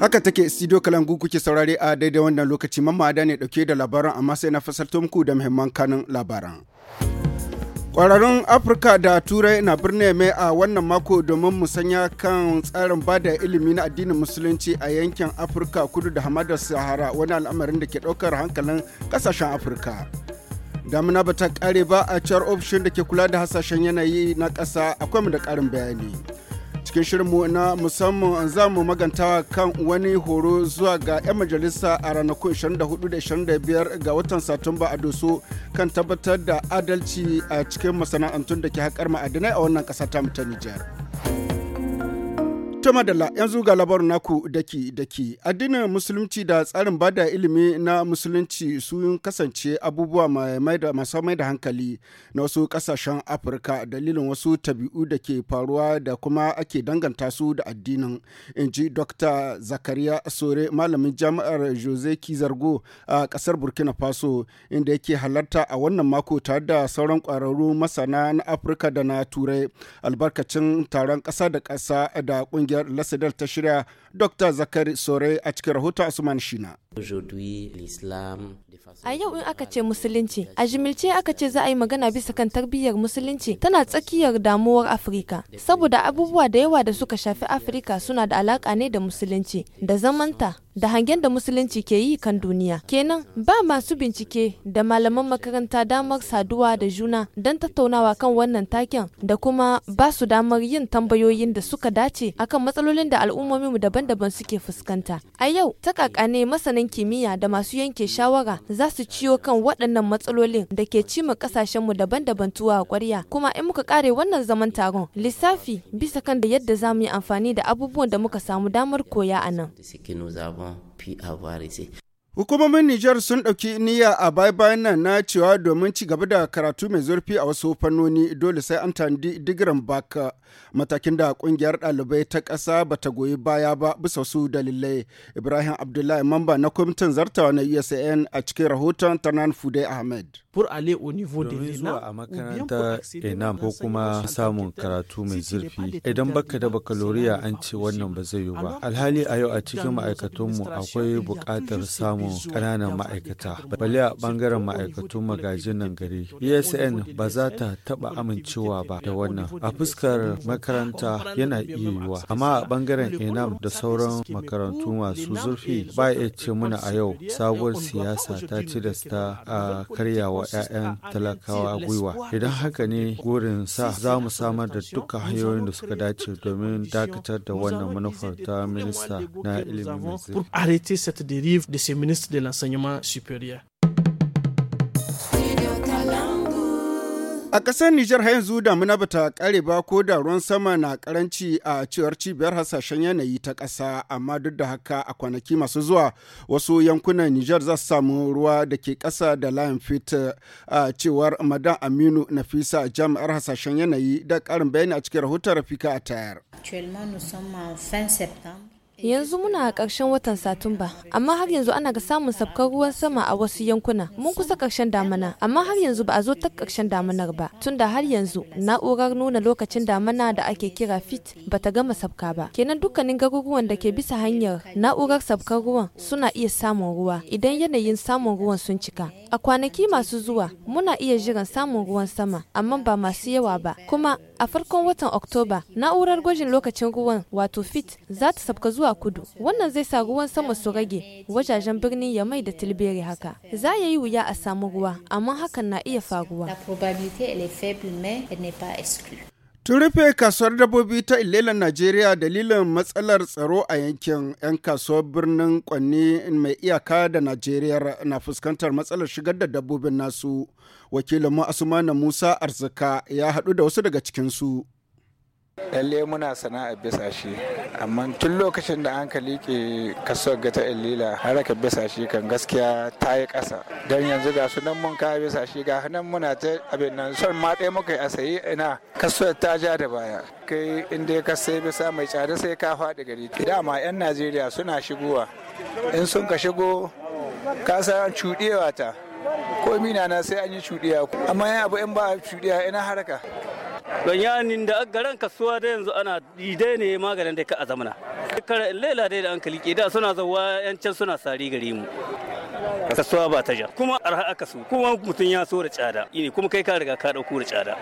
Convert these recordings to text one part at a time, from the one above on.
Haka take studio kalangu kuke saurare a daidai wannan lokaci mamma ne dauke da labaran amma sai na fasarto muku da muhimman kanin labaran. Kwararrun Afirka da Turai na birnin mai a wannan mako domin musanya kan tsarin bada ilimi na addinin musulunci a yankin Afirka kudu da hamadar Sahara wani al'amarin da ke daukar hankalin kasashen Afirka. Damina ba ta kare ba a cewar ofishin da ke kula da hasashen yanayi na kasa akwai mu da ƙarin bayani. cikin shirinmu na musamman za mu maganta kan wani horo zuwa ga 'yan majalisa a ranakun 24 25 ga watan satumba a doso kan tabbatar da adalci a cikin masana'antun da ke haƙar ma'adinai a wannan ƙasa ta mutane jihar. To madalla yanzu ga labarin naku daki daki addinin musulunci da tsarin bada ilimi na musulunci sun kasance abubuwa masu mai da hankali na wasu kasashen Afirka dalilin wasu tabi'u da ke faruwa da kuma ake danganta su da addinin in ji Dr. Zakariya Sore malamin jami'ar Jose Kizargo a kasar Burkina Faso inda yake halarta a wannan mako tare da sauran kwararru masana na Afirka da na Turai albarkacin taron kasa da kasa da kungiyar. kungiyar lasadal ta shirya dr zakari sore a cikin rahoton usman shina A yau in aka ce musulunci, a jimilce aka ce za a yi magana bisa kan tarbiyyar musulunci tana tsakiyar damuwar Afirka, saboda abubuwa da yawa da suka shafi Afirka suna da alaƙa ne da musulunci, da zamanta, da hangen da musulunci ke yi kan duniya kenan ba masu bincike da malaman makaranta damar saduwa da juna don tattaunawa kan wannan taken da kuma ba su damar yin tambayoyin da suka dace akan matsalolin da al'ummominmu daban-daban suke fuskanta a yau ta kakane masanin mashawartan kimiyya da masu yanke shawara za su ciyo kan waɗannan matsalolin da ke cima ƙasashenmu daban-daban tuwa a ƙwarya kuma in muka ƙare wannan zaman taron lissafi bisa kan da yadda za mu yi amfani da abubuwan da muka samu damar koya a nan. Hukumomin Nijar sun ɗauki niyya a baya-bayan nan na cewa domin ci gaba da karatu mai zurfi a wasu fannoni dole sai an tanadi digiran baka matakin da ƙungiyar ɗalibai ta ƙasa ba ta goyi baya ba bisa su dalilai. Ibrahim Abdullahi Mamba na kwamitin zartawa na USAN a cikin rahoton Tanan Fude Ahmed. pour aller au niveau de l'ENA a makaranta ENAM ko kuma samun karatu mai zurfi idan baka da bakaloriya an ce wannan ba zai yiwu ba alhali a yau a cikin ma'aikatunmu akwai buƙatar samun ƙananan ma'aikata bale a ɓangaren ma'aikatun magajin nan gari e ESN ba za ta taɓa amincewa ba da wannan a fuskar makaranta yana iya yiwa. amma a ɓangaren ENAM da sauran makarantu masu zurfi ba ya ce muna a yau sabuwar siyasa ta ci da ta a karyawa 'ya'yan talakawa gwiwa idan haka ne gurin sa za mu samar da duka hanyoyin da suka dace domin dakatar da wannan manufar ta minista na ilimin A ƙasar Nijar har yanzu damuna ba ta ƙare ba ko da ruwan sama na karanci a cewar cibiyar hasashen yanayi ta ƙasa amma duk da haka a kwanaki masu zuwa wasu yankunan Nijar za su samu ruwa da ke kasa da layin fit a cewar Madan Aminu Nafisa jami'ar hasashen yanayi da ƙarin bayani a cikin rahoton Rafika a tayar. Eh, yanzu muna a ƙarshen watan Satumba, amma har yanzu ana ga samun sabkar ruwan sama a wasu yankuna. Mun kusa ƙarshen damana, amma har yanzu ba a zo ta ƙarshen damanar ba. Tunda har yanzu na'urar nuna lokacin damana da ake kira fit ba ta gama sabka ba. Kenan dukkanin garuruwan da ke bisa hanyar na'urar sabkar ruwan suna iya samun ruwa idan yanayin samun ruwan sun cika. A kwanaki masu zuwa muna iya jiran samun ruwan sama, amma ba masu yawa ba. Kuma a farkon watan Oktoba na'urar gwajin lokacin ruwan wato fit za ta sabka zuwa zuwa kudu wannan zai sa ruwan sama su rage wajajen birnin ya mai da tilbere haka za ya yi wuya a samu ruwa amma hakan na iya faruwa Tun rufe kasuwar dabbobi ta ilelan Najeriya dalilin matsalar tsaro a yankin 'yan kasuwar birnin kwanni mai iyaka da Najeriya na fuskantar matsalar shigar da dabbobin nasu. wakilin Wakilinmu na Musa Arzika ya haɗu da wasu daga cikinsu. lalle muna sana'a bisashe amma tun lokacin da an kalike kaso kasuwar gata illila haraka bisashe kan gaskiya ta yi ƙasa don yanzu ga su nan mun bisa bisashe ga nan muna ta abin nan son ma ɗaya muka yi a ina kasuwar ta ja da baya kai inda ka sai bisa mai tsada sai ka faɗi gari dama 'yan najeriya suna shigowa in sun ka shigo ka san cuɗewa ta ko mina na sai an yi cuɗiya amma yan abu in ba cuɗiya ina haraka don da aka kasuwa da yanzu ana dai ne maganin da ka a zamana kara lela dai da an ke da suna zawa yancan suna sari gare mu kasuwa ba ta ja kuma arha aka su kuma mutum ya so da tsada ne kuma kai ka riga ka dauko da tsada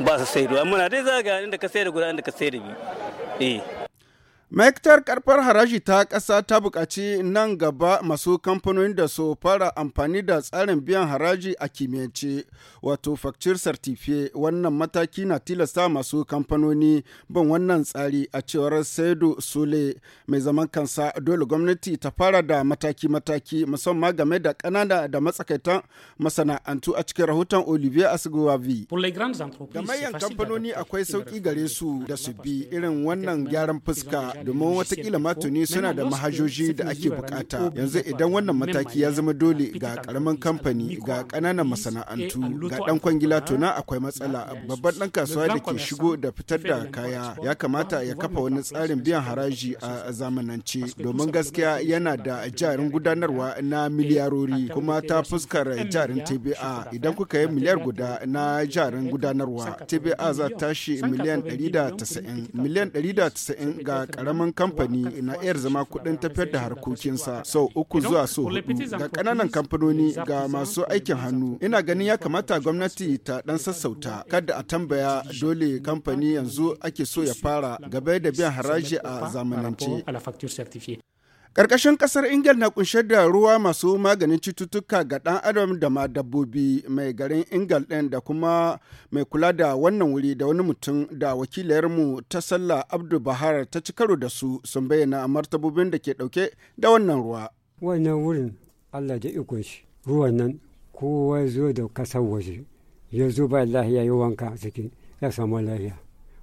ba su sai muna dai zaga inda ka sai da guda inda ka sai da bi eh ma'aikatar karfar haraji ta ƙasa ta buƙaci nan gaba masu kamfanoni da su fara amfani da tsarin biyan haraji a kimiyyance wato facture certificate wannan mataki na tilasta masu kamfanoni bin wannan tsari a cewar saidu sule mai zaman kansa dole gwamnati ta fara da mataki-mataki musamman game da ƙanana da matsakaitan masana'antu a cikin rahoton olivier ga manyan kamfanoni akwai sauƙi gare su da su bi irin wannan gyaran fuska domin watakila ma tuni suna da mahajoji da ake bukata yanzu idan wannan mataki ya zama dole ga karamin kamfani ga kananan eh, masana'antu ga dan kwangila to na akwai matsala babban dan kasuwa da ke shigo da fitar da kaya ya kamata ya kafa wani tsarin biyan haraji a zamanance domin gaskiya yana da jarin gudanarwa na eh, miliyarori kuma ta fuskar jarin tba idan kuka yi miliyar guda na jarin gudanarwa tba za tashi miliyan 190 miliyan 190 ga karamin karamin kamfani na iya zama kuɗin tafiyar da harkokinsa sau uku zuwa so hudu ga ƙananan kamfanoni ga masu aikin hannu ina ganin ya kamata gwamnati ta ɗan sassauta kada a tambaya dole kamfani yanzu ake so ya fara gaba da biyan haraji a zamanance Ƙarƙashin ƙasar Ingil na kunshe da ruwa masu maganin cututtuka ga ɗan adam da ma dabbobi mai garin Ingil ɗin da kuma mai kula da wannan wuri da wani mutum da wakilayarmu ta sallah Abdul Bahar ta ci karo da su sun bayyana martabobin da ke ɗauke da wannan ruwa. Wannan wurin Allah da ikon shi ruwan nan kowa zo da kasar waje ya zo ba lahiya ya wanka ciki ya samu lahiya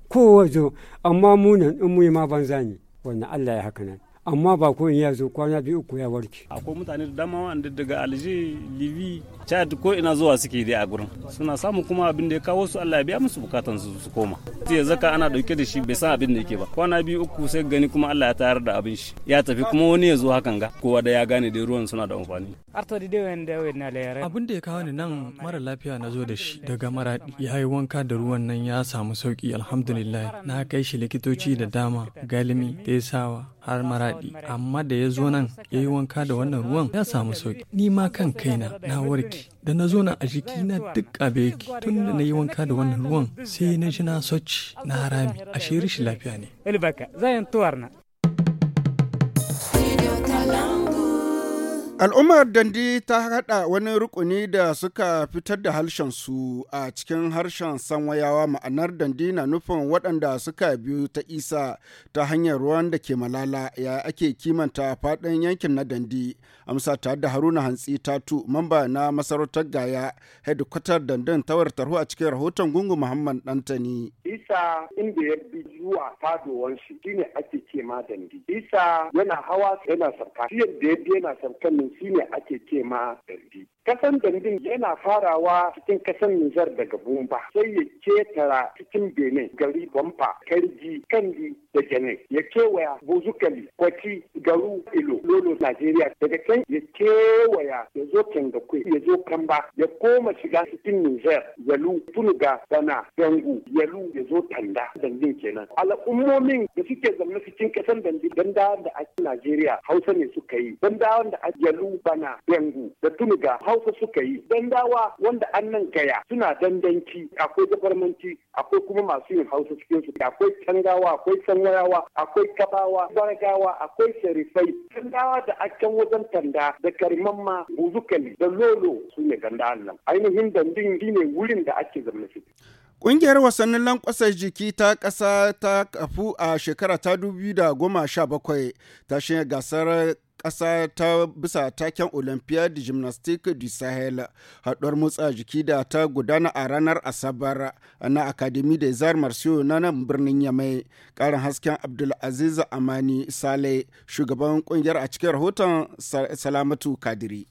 kowa zo amma munan in mu ma banza ne wannan Allah ya haka nan. amma ba ko ya zo kwana biyu uku ya warke akwai mutane da dama wanda daga alje libi chad ko ina zuwa suke dai a gurin suna samun kuma abin da ya kawo su Allah ya biya musu bukatan su su koma sai zaka ana dauke da shi bai san abin da yake ba kwana biyu uku sai gani kuma Allah ya tayar da abin shi ya tafi kuma wani ya zo hakan ga kowa da ya gane dai ruwan suna da amfani abin da ya kawo ni nan mara lafiya na zo da shi daga mara ya yi wanka da ruwan nan ya samu sauki alhamdulillah na kai shi likitoci da dama galimi da sawa. har maraɗi, amma da ya zo nan ya yi wanka da wannan ruwan ya samu sauki ni ma kan kaina na warke da na zo na a jiki na duk abe yake tun da na yi wanka da wannan ruwan sai na ji na soci na harami a shirishi lafiya ne Al'ummar Dandi ta haɗa wani rukuni da suka fitar da harshensu a cikin harshen sanwayawa ma'anar Dandi na nufin waɗanda suka biyu ta isa ta hanyar ruwan da ke malala ya ake kimanta faɗin yankin na Dandi. Amsa ta da Haruna Hantsi Tatu, mamba na masarautar Gaya, hedikwatar Dandin tawar tarho a cikin rahoton Gungu Muhammad Dantani. Isa inda ya bi zuwa fadowan shi shine ake kema Dandi. Isa yana hawa yana sarka. Shi yadda ya bi yana sarkan shine ake ce ma dambi kasan dambin yana farawa cikin kasan Nijar daga Bumba sai ya ketara cikin Benin gari Bamfa Karji Kandi da jane. ya kewaya bozukali kwaci garu ilo lolo najeriya daga can ya kewaya ya zo kwe ya zo kamba ya koma shiga cikin niger yalu tunuga bana dangu yalu ya zo tanda dandin kenan al'ummomin da suke zaune cikin kasan dandi danda da a nigeria hausa ne suka yi dandawan da a yalu bana dangu da tunuga hausa suka yi dandawa wanda an nan gaya suna dandanci akwai jafarmanci akwai kuma masu yin hausa cikin su akwai cangawa akwai can wayawa akwai kabawa bargawa akwai sharifai gandawa da akan wajen tanda da karimamma buzukali da lolo su ne ganda allah ainihin dandin shine wurin da ake zama shi Ƙungiyar wasannin lankwasar jiki ta ƙasa ta kafu a shekara ta 2017 ta shirya gasar ƙasa ta bisa taken de gymnastique du Sahel haɗuwar motsa jiki da ta gudana a ranar Asabar na Academy da zar Marciyo na nan birnin Yamai. Ƙarin hasken Abdulaziz Amani Sale shugaban ƙungiyar a cikin rahoton Salamatu Kadiri.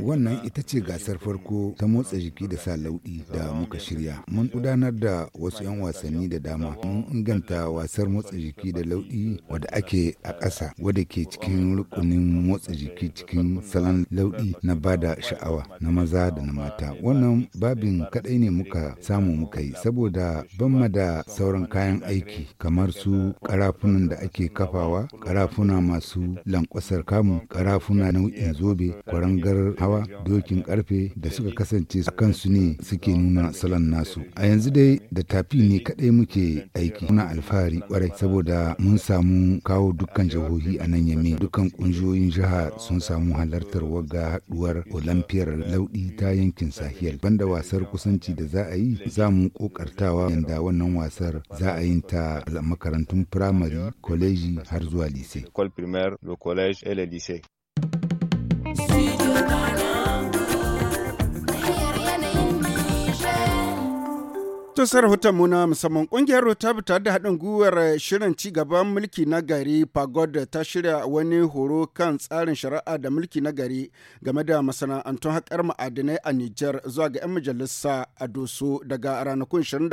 Wannan ita ce gasar farko ta motsa jiki da sa lauɗi da muka shirya. Mun gudanar da wasu 'yan wasanni da dama. Mun inganta wasar motsa jiki da lauɗi wadda ake a ƙasa wadda ke cikin cikin rukunin motsa jiki cikin salon lau'i na bada sha'awa na maza da na mata. Wannan babin kadai ne muka samu muka yi saboda ban da sauran kayan aiki kamar su karafunan da ake kafawa, karafuna masu lankwasar kamu, karafuna nau'in zobe, kwarangar hawa, dokin karfe da suka kasance a kansu ne suke nuna salon nasu. A yanzu dai da tafi ne kadai muke aiki. Muna alfahari kwarai saboda mun samu kawo dukkan jihohi a nan yame duk dukkan kungiyoyin jiha sun samu halartar waga haduwar olamfiyar laudi ta yankin sahel banda wasar kusanci da za a yi za mu kokartawa yanda wannan wasar za a yi ta makarantun firamare kwaleji har zuwa lise. Tusar hoton muna musamman kungiyar ta tare da haɗin gwiwar shirin ci gaban mulki na gari pagod ta shirya wani horo kan tsarin shari'a da mulki na gari game da masana'antun haƙar ma'adinai a Nijar zuwa ga 'yan majalisa a Doso daga ranakun 24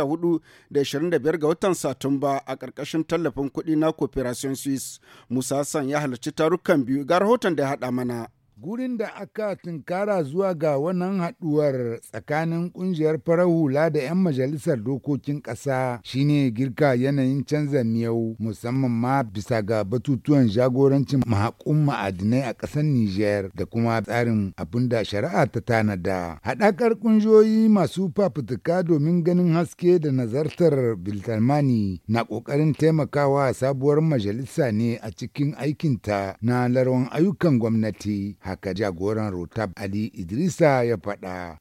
da 25 ga watan Satumba a ƙarƙashin tallafin kuɗi na Cooperation Swiss. Musa san ya halarci tarukan biyu ga rahoton da ya haɗa mana. gurin da aka tunkara zuwa ga wannan haɗuwar tsakanin ƙungiyar farar hula da 'yan majalisar dokokin ƙasa shine girka yanayin canza miyau musamman ma bisa ga batutuwan jagorancin mahakun ma'adinai a ƙasar Nijar da kuma tsarin abin da shari'a ta tanada. Haɗakar ƙungiyoyi masu fafutuka domin ganin haske da nazartar Biltalmani na ƙoƙarin taimakawa sabuwar majalisa ne a cikin aikinta na larwan ayyukan gwamnati. haka jagoran rotab ali idrisa ya faɗa.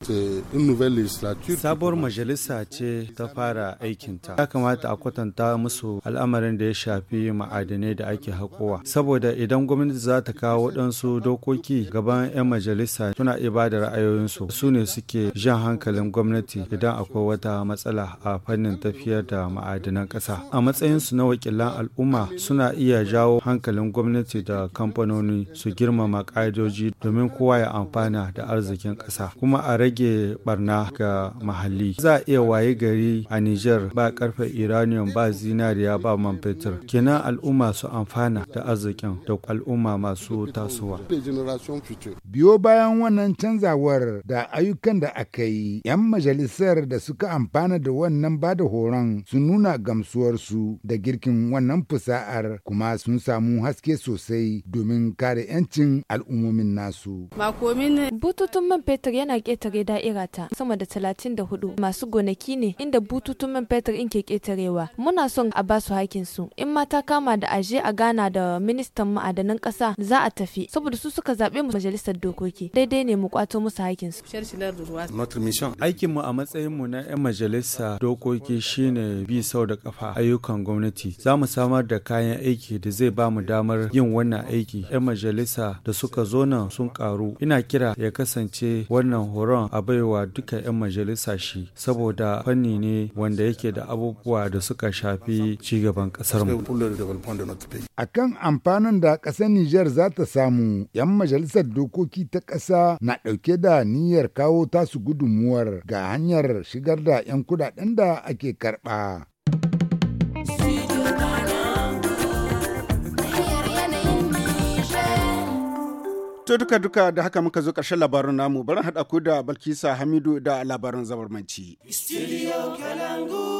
sabuwar majalisa ce ta fara aikinta ya kamata a kwatanta musu al'amarin da ya shafi ma'adanai da ake haƙowa saboda idan gwamnati za ta kawo waɗansu dokoki gaban 'yan majalisa suna ibada ra'ayoyinsu su ne suke jan hankalin gwamnati idan akwai wata matsala a fannin tafiyar da ma'adanan ƙasa a matsayinsu na wakilan al'umma suna iya jawo hankalin gwamnati da kamfanoni su girmama ƙa'idoji ji domin kowa ya amfana da arzikin ƙasa kuma a rage barna ga mahalli za a iya waye gari a niger ba karfe uranium ba zinariya ba man fetur kenan al'umma su amfana da arzikin da al'umma masu tasowa biyo bayan wannan canzawar da ayyukan da aka yi 'yan majalisar da suka amfana da wannan ba da horon su nuna gamsuwarsu da girkin wannan fusa'ar kuma sun samu haske sosai domin kare 'yancin al'ummomin nasu nasu. Bututun man fetur yana ƙetare da'ira ta sama da talatin da hudu masu gonaki ne inda bututun man fetur in ke ƙetarewa. Muna son a ba su hakin su. In ma ta kama da aje a gana da ministan ma'adanan ƙasa za a tafi saboda su suka zaɓe mu majalisar dokoki. Daidai ne mu kwato musu hakin su. Aikin mu a matsayin mu na 'yan majalisa dokoki shine bi sau da kafa ayyukan gwamnati. Za mu samar da kayan aiki da zai ba mu damar yin wannan aiki. 'Yan majalisa da suka zo wannan sun karu ina kira ya kasance wannan horon a baiwa duka 'yan majalisa shi saboda fanni ne wanda yake da abubuwa da suka shafi cigaban kasar mu kan amfanin da ƙasar niger za ta samu 'yan majalisar dokoki ta kasa na dauke da niyyar kawo tasu gudunmuwar ga hanyar shigar da 'yan kudaden da ake karba. To duka duka da haka muka zo ƙarshen labarin namu barin haɗa ku da Balkisa Hamidu da labarin zabarmanci. Studio Kalangu.